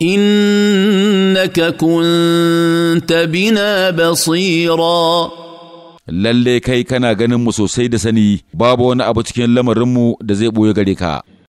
innaka kunta bina basira lalle kai kana ganin mu sosai da sani babu wani abu cikin lamarinmu da zai ɓoye gare ka